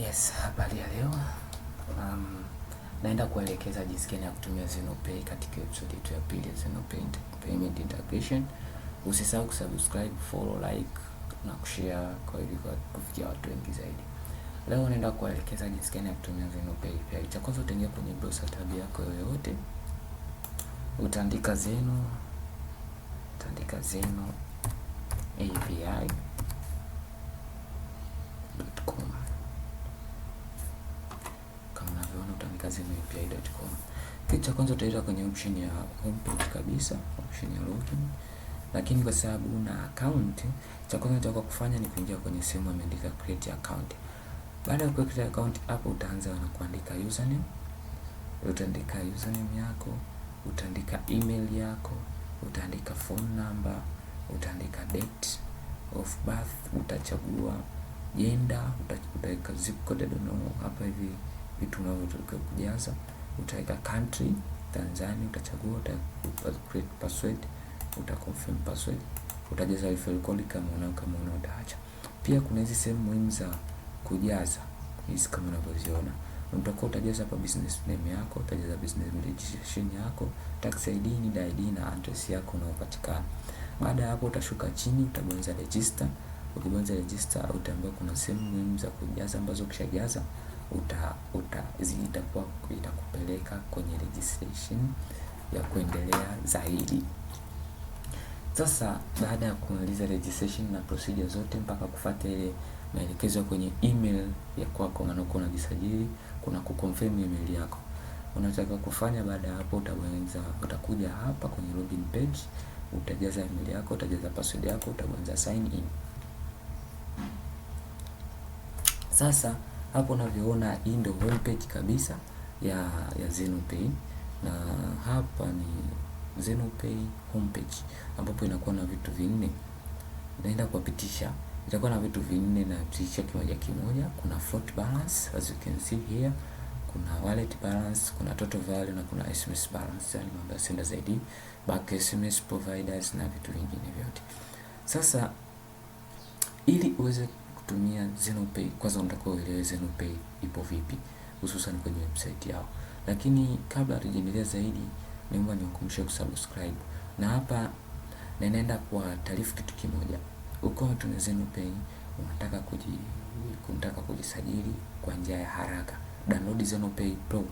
Yes, habari ya leo. Um, naenda kuelekeza jinsi gani ya kutumia Zenopay katika episode yetu ya pili ya Zenopay payment integration. Usisahau kusubscribe, follow, like na kushare kwa ili kufikia watu wengi zaidi. Leo naenda kuelekeza jinsi gani ya kutumia Zenopay API. Cha kwanza utaingia kwenye browser tab yako yoyote. Utaandika Zeno, utaandika Zeno API. kazini.upi.com. Kitu cha kwanza utaenda kwenye option ya homepage kabisa, option ya login. Lakini kwa sababu una account, cha kwanza utakuwa kufanya ni kuingia kwenye sehemu imeandika create account. Baada ya kuweka account hapo, utaanza na kuandika username. Utaandika username yako, utaandika email yako, utaandika phone number, utaandika date of birth, utachagua jenda, utaweka zip code, I don't know hapa hivi vitu unavyotoka kujaza, utaweka country Tanzania, utachagua uta create password, uta confirm password, utajaza referral code kama unao kama unao utaacha. Pia kuna hizi sehemu muhimu za kujaza hizi kama unavyoziona utakuwa utajaza hapa business name yako, utajaza business registration yako, tax ID, NIDA ID na address yako unaopatikana. Baada ya hapo, utashuka chini, utabonyeza register. Ukibonyeza register, utaambiwa kuna sehemu muhimu za kujaza ambazo ukishajaza uta, uta, zitakuwa itakupeleka kwenye registration ya kuendelea zaidi. Sasa baada ya kumaliza registration na procedure zote mpaka kufuata ile maelekezo kwenye email ya kwako unakuwa unajisajili, kuna kuconfirm email yako unataka kufanya. Baada ya hapo, utabonyeza utakuja hapa kwenye login page, utajaza email yako, utajaza password yako, utabonyeza sign in. Sasa hapo unavyoona hii ndio homepage kabisa ya, ya Zenopay na hapa ni Zenopay homepage ambapo inakuwa na vitu vinne. Naenda kuwapitisha, itakuwa na vitu vinne na pitisha kimoja kimoja. Kuna float balance as you can see here, kuna wallet balance, kuna total value na kuna SMS balance, yani mambo ya senda zaidi, back SMS providers na vitu vingine vyote. Sasa ili uweze kutumia Zenopay kwanza unatakiwa uelewe Zenopay ipo vipi hususan kwenye website yao. Lakini kabla hatujaendelea zaidi, niomba niwakumbushe kusubscribe. Na hapa ninaenda kwa taarifu kitu kimoja. Ukiwa tuna Zenopay unataka kuji kunataka kujisajili kwa njia ya haraka. Download Zenopay Pro.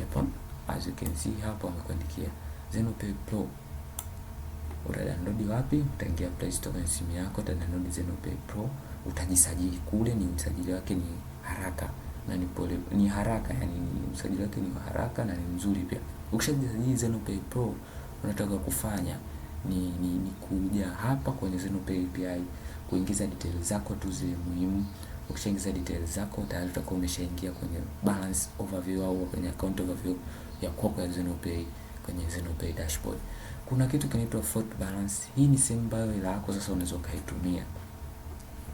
Hapa as you can see hapo wamekuandikia Zenopay Pro. download wapi? Utaingia Play Store kwenye simu yako, utadownload Zenopay Pro utajisajili kule, ni usajili wake ni haraka na ni pole, ni haraka yani usajili wake ni haraka na ni mzuri pia. Ukishajisajili Zenopay Pro, unataka kufanya ni, ni, ni kuja hapa kwenye Zenopay API kuingiza details zako tu zile muhimu. Ukishaingiza details zako tayari utakuwa umeshaingia kwenye balance overview au kwenye account overview ya kwako ya Zenopay kwenye Zenopay dashboard. Kuna kitu kinaitwa float balance. Hii ni sehemu ambayo ila yako sasa unaweza ukaitumia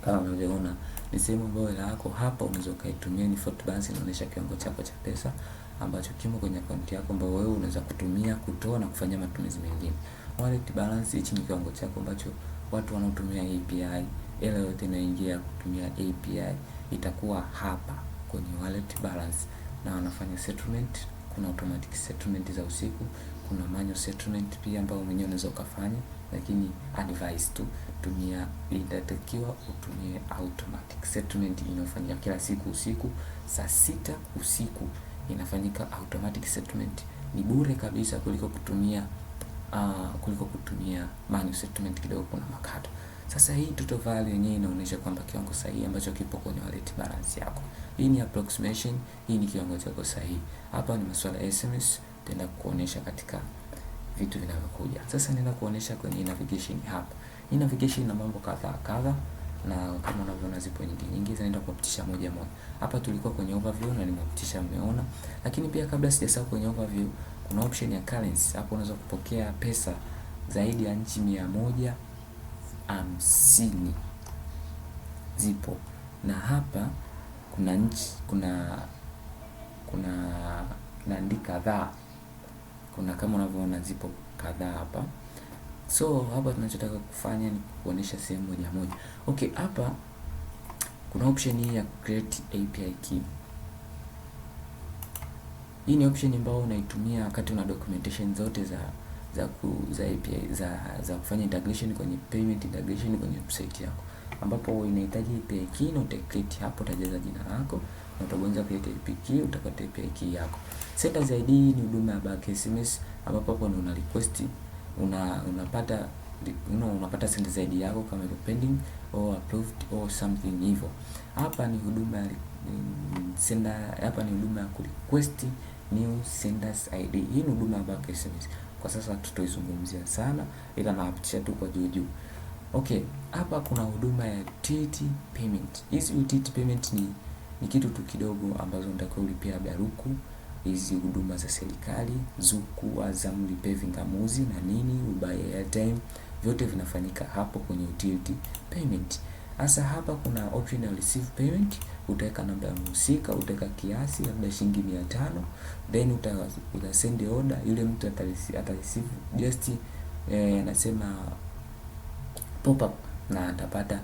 kama unavyoona ni sehemu ambayo hela yako hapa unaweza ukaitumia. Ni float balance, inaonyesha kiwango chako cha pesa ambacho kimo kwenye akaunti yako ambayo wewe unaweza kutumia kutoa na kufanya matumizi mengine. Wallet balance, hichi ni kiwango chako ambacho watu wanaotumia API, hela yote inaingia kutumia API itakuwa hapa kwenye wallet balance, na wanafanya settlement. Kuna automatic settlement za usiku kuna manual settlement pia ambao mwenyewe unaweza ukafanya, lakini advice tu tumia, inatakiwa utumie automatic settlement inayofanyika kila siku usiku saa sita usiku inafanyika automatic settlement. Ni bure kabisa kuliko kutumia uh, kuliko kutumia manual settlement, kidogo kuna makato. Sasa hii total value yenyewe inaonyesha kwamba kiwango sahihi ambacho kipo kwenye wallet balance yako. Hii ni approximation, hii ni kiwango chako sahihi. Hapa ni masuala ya SMS nitaenda kuonesha katika vitu vinavyokuja. Sasa nenda kuonesha kwenye navigation hapa. Hii navigation na mambo kadha kadha na kama unavyoona zipo nyingi nyingi, zinaenda kuwapitisha moja moja. Hapa tulikuwa kwenye overview na nimewapitisha, mmeona. Lakini pia kabla sijasahau, kwenye overview kuna option ya currency. Hapo unaweza kupokea pesa zaidi ya nchi mia moja hamsini zipo, na hapa kuna nchi kuna kuna naandika kadhaa kuna kama unavyoona zipo kadhaa hapa. So hapa tunachotaka kufanya ni kuonesha sehemu moja moja. Okay, hapa kuna option hii ya create API key. Hii ni option ambayo unaitumia wakati una documentation zote za za ku, za API za za kufanya integration kwenye payment integration kwenye website yako, ambapo inahitaji API key na utakreate hapo, utajaza jina lako na utabonyeza pia IP key, utapata API key yako. Senders ID ni huduma ya back SMS ambapo hapo una request una unapata una, unapata senders ID yako kama ile pending or approved or something hivyo. Hapa ni huduma ya sender, hapa ni huduma ya request new senders ID. Hii ni huduma ya back SMS. Kwa sasa tutoizungumzia sana, ila nawapitisha tu kwa juu juu. Okay, hapa kuna huduma ya TT payment. Hizi TT payment ni ni kitu tu kidogo ambazo unatakiwa ulipie labda ruku hizi huduma za serikali zuku Azam lipe vingamuzi na nini ubuy airtime vyote vinafanyika hapo kwenye utility payment hasa hapa kuna option ya receive payment utaweka namba ya mhusika utaweka kiasi labda shilingi mia tano then uta, uta send order yule mtu atareceive just eh, anasema pop up na atapata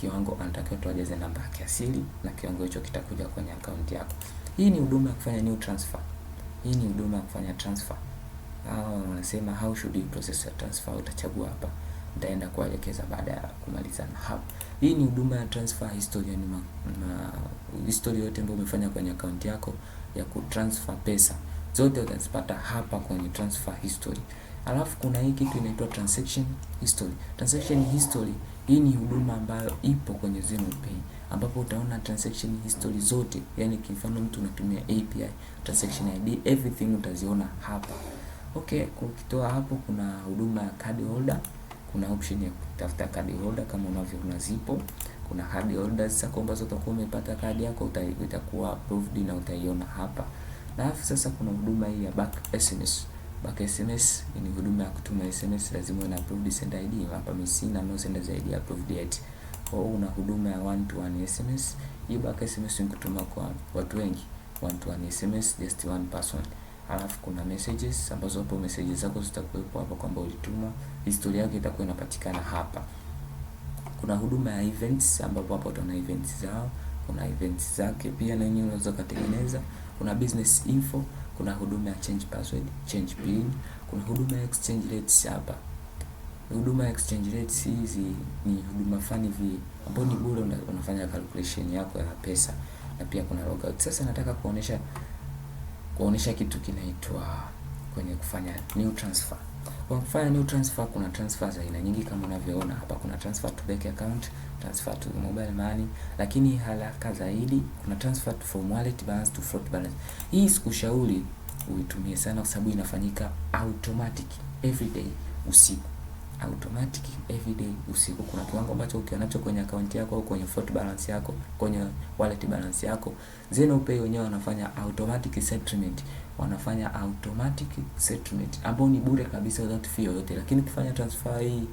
kiwango anatakiwa tuajaze namba ya kiasili na kiwango hicho kitakuja kwenye akaunti yako. Hii ni huduma ya kufanya new transfer. Hii ni huduma ya kufanya transfer. Hao wanasema how should you process your transfer, utachagua hapa. Nitaenda kuelekeza baada ya kumaliza na hapo. Hii ni huduma ya transfer history, ni ma, ma, history yote ambayo umefanya kwenye akaunti yako ya kutransfer pesa. Zote utazipata hapa kwenye transfer history. Alafu kuna hii kitu inaitwa transaction history. Transaction history hii ni huduma ambayo ipo kwenye Zeno Pay ambapo utaona transaction history zote, yani kwa mfano mtu anatumia API, transaction ID, everything utaziona hapa. Okay, kwa kukitoa hapo kuna huduma ya card holder, kuna option ya kutafuta card holder kama unavyoona zipo. Kuna card holders zako ambazo utakuwa umepata kadi yako itakuwa approved na utaiona hapa. Na alafu sasa kuna huduma hii ya back SMS. Back SMS ni huduma ya kutuma SMS, lazima una approved sender ID. Hapa mimi sina no senders ID approved yet. Kwa hiyo una huduma ya one to one SMS. Hiyo back SMS ni kutuma kwa watu wengi, one to one SMS just one person. Alafu kuna messages ambazo hapo messages zako zitakuwepo hapa kwamba ulituma, historia yako itakuwa inapatikana hapa. Kuna huduma ya events ambapo hapo utaona events zao, kuna events zake pia na yenyewe unaweza kutengeneza. Kuna business info kuna huduma ya change password, change pin, kuna huduma ya exchange rates hapa. Huduma ya exchange rates hizi ni huduma fani vi ambapo ni bure, unafanya calculation yako ya pesa na pia kuna logout. Sasa nataka kuonesha kuonesha kitu kinaitwa kwenye kufanya new transfer. Kwa kufanya new transfer kuna transfer za aina nyingi kama unavyoona hapa, kuna transfer to bank account transfer to mobile money, lakini haraka zaidi kuna transfer to from wallet balance to float balance. Hii sikushauri uitumie sana, kwa sababu inafanyika automatic everyday usiku automatic everyday usiku. Kuna kiwango ambacho ukionacho kwenye account yako au kwenye float balance yako, kwenye wallet balance yako, Zenopay wenyewe wanafanya automatic settlement, wanafanya automatic settlement ambao ni bure kabisa without fee yoyote. Lakini ukifanya transfer hii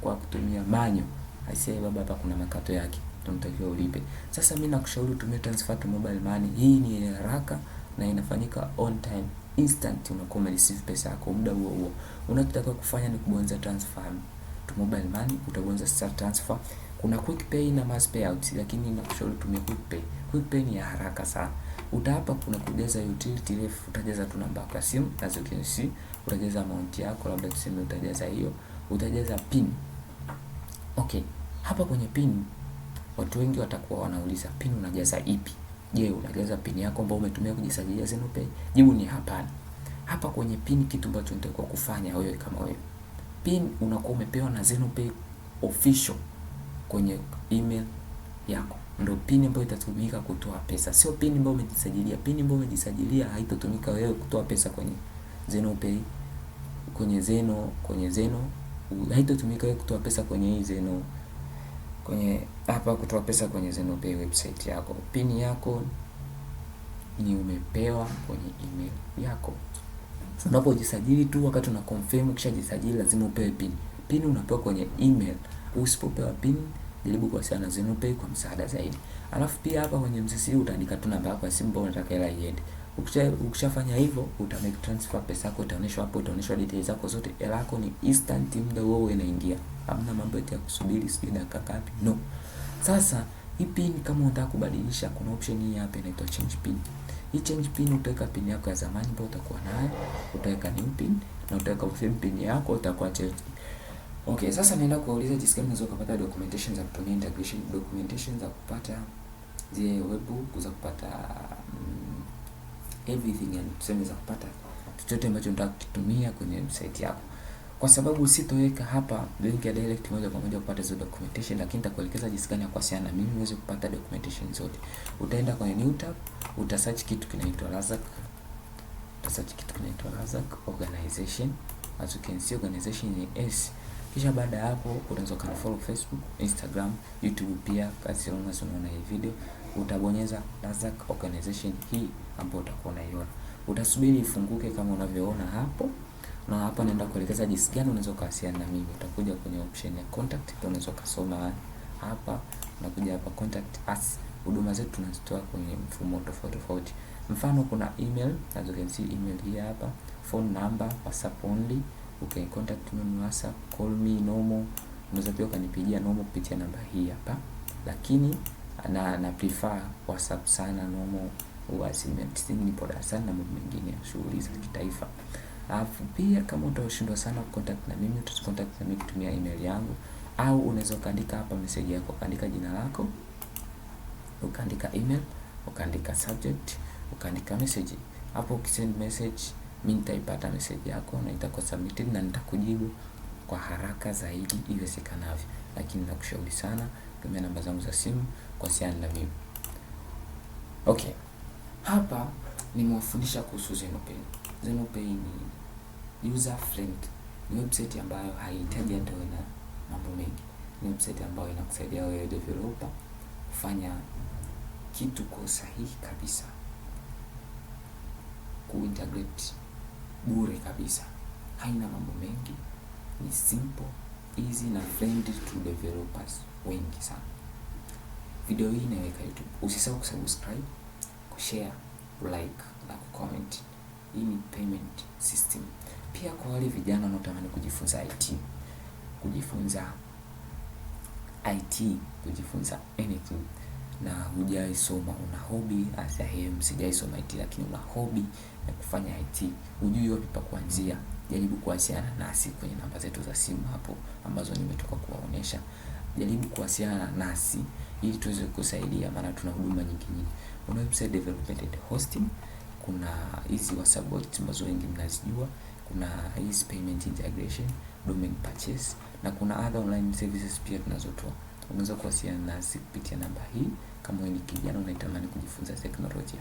kwa kutumia manyo aisee baba, hapa kuna makato yake, tunatakiwa ulipe. Sasa mimi nakushauri utumie transfer to mobile money. Hii ni haraka na inafanyika on time instant, unakuwa umereceive pesa yako muda huo huo. Unachotakiwa kufanya ni kubonza transfer to mobile money, utabonyeza start transfer. Kuna quick pay na mass payout, lakini nakushauri utumie quick pay. Quick pay ni ya haraka sana. Utahapa kuna kujaza utility ref, utajaza tu namba yako ya simu, as you can see, utajaza amount yako, labda tuseme utajaza hiyo, utajaza pin. Okay, hapa kwenye pin watu wengi watakuwa wanauliza pin unajaza ipi? Je, unajaza pin yako ambayo umetumia kujisajilia Zenopay? Jibu ni hapana. Hapa kwenye pin kitu ambacho nitakuwa kufanya wewe kama wewe. Pin unakuwa umepewa na Zenopay official kwenye email yako. Ndio pin ambayo itatumika kutoa pesa. Sio pin ambayo umejisajilia. Pin ambayo umejisajilia haitotumika wewe kutoa pesa kwenye Zenopay kwenye Zeno kwenye Zeno haitotumika wewe kutoa pesa kwenye hii Zeno kwenye hapa kutoa pesa kwenye ZenoPay website yako. pin yako ni umepewa kwenye email yako. Unapojisajili tu, wakati una confirm, ukishajisajili lazima upewe pin. Pin unapewa kwenye email. Usipopewa pin, jaribu kuwasiliana na ZenoPay kwa msaada zaidi. Alafu pia hapa kwenye msisi utaandika tu namba yako ya simu ambayo unataka hela iende. Ukisha ukishafanya hivyo uta make transfer, pesa yako itaonyeshwa hapo, itaonyeshwa details zako zote, hela yako ni instant, muda huo inaingia, hamna mambo ya kusubiri sijui dakika ngapi, no. Sasa hii pin kama unataka kubadilisha, kuna option hii hapa inaitwa change pin. Hii change pin utaweka pin yako ya zamani ambayo utakuwa nayo, utaweka new pin na utaweka ufim pin yako utakuwa change. Okay, sasa naenda kuwauliza jinsi gani unaweza kupata documentation za kutumia integration, documentation za kupata zile webhook za kupata mm, everything and tuseme za kupata chochote ambacho nataka kutumia kwenye website yako, kwa sababu sitoweka hapa link ya direct moja kwa moja kupata hizo documentation, lakini nitakuelekeza jinsi gani ya kuwasiliana na mimi uweze kupata documentation zote. Utaenda kwenye new tab, uta search kitu kinaitwa Razak, uta search kitu kinaitwa Razak organization, as you can see organization ni S. Kisha baada ya hapo unaweza kunifollow Facebook, Instagram, YouTube pia, kasi long as unaona hii video utabonyeza Nasdaq organization hii ambayo utakuwa unaiona. Utasubiri ifunguke kama unavyoona hapo, na hapa naenda kuelekeza jinsi gani unaweza kuwasiliana na mimi. Utakuja kwenye option ya contact, pia unaweza kusoma hapa, unakuja hapa contact us. Huduma zetu tunazitoa kwenye mfumo tofauti tofauti, mfano kuna email, as you can see email hii hapa, phone number, whatsapp only. Okay, contact me on whatsapp, call me normal. Unaweza pia ukanipigia normal kupitia namba hii hapa, lakini na na prefer WhatsApp sana normal assignment ni bora sana na mambo mengine ya shughuli za kitaifa. Alafu pia kama utashindwa sana kucontact na mimi utacontact na mimi kutumia email yangu au unaweza ukaandika hapa message yako, ukaandika jina lako, ukaandika email, ukaandika subject, ukaandika message. Hapo ukisend message mimi nitaipata message yako na itakuwa submitted na nitakujibu kwa haraka zaidi iwezekanavyo, lakini nakushauri sana tumia namba zangu za simu kuhusiana na mimi. Okay, hapa nimewafundisha kuhusu Zenopay. Zenopay ni user friend, ni website ambayo haihitaji hata na mambo mengi. Ni website ambayo inakusaidia wewe developer kufanya kitu kwa usahihi kabisa, kuintegrate bure kabisa, haina mambo mengi, ni simple easy na friendly to developers wengi sana. Video hii inaweka YouTube. Usisahau kusubscribe, kushare, like na comment. Hii ni payment system. Pia kwa wale vijana wanaotamani kujifunza IT, kujifunza IT, kujifunza anything na hujaisoma, una hobi sehemu sijaisoma IT, lakini una hobi ya kufanya IT, hujui wapi pa kuanzia, jaribu kuwasiliana nasi kwenye namba zetu za simu hapo ambazo nimetoka kuwaonyesha. Jaribu kuwasiliana nasi ili tuweze kukusaidia, maana tuna huduma nyingi nyingi. Kuna website development and hosting, kuna hizi wa support ambazo wengi mnazijua, kuna hizi payment integration, domain purchase na kuna other online services pia tunazotoa unaweza kuwasiliana nasi kupitia namba hii. Kama wewe ni kijana unayetamani kujifunza teknolojia,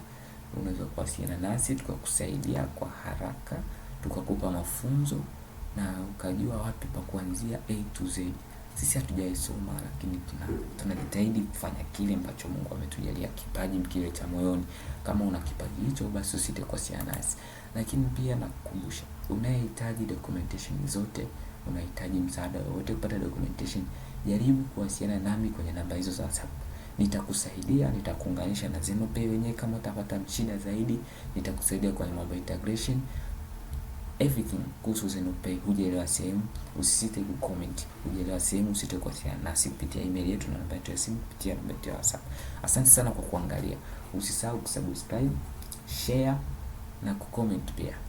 unaweza kuwasiliana nasi tukakusaidia kwa haraka, tukakupa mafunzo na ukajua wapi pa kuanzia A to Z. Sisi hatujaisoma lakini tunajitahidi kufanya kile ambacho Mungu ametujalia kipaji kile cha moyoni. Kama una kipaji hicho, basi usite kuwasiliana nasi, lakini pia nakukumbusha, unayehitaji documentation zote unahitaji msaada wowote kupata documentation, jaribu kuwasiliana nami kwenye namba hizo za WhatsApp. Nitakusaidia, nitakuunganisha na zeno pay wenyewe kama utapata shida zaidi, nitakusaidia kwenye mambo ya integration everything kuhusu zeno pay Hujaelewa sehemu, usisite ku comment. Hujaelewa sehemu, usisite kuwasiliana nasi kupitia email yetu na namba yetu ya simu kupitia namba yetu ya WhatsApp. Asante sana kwa kuangalia, usisahau kusubscribe, share na kucomment pia.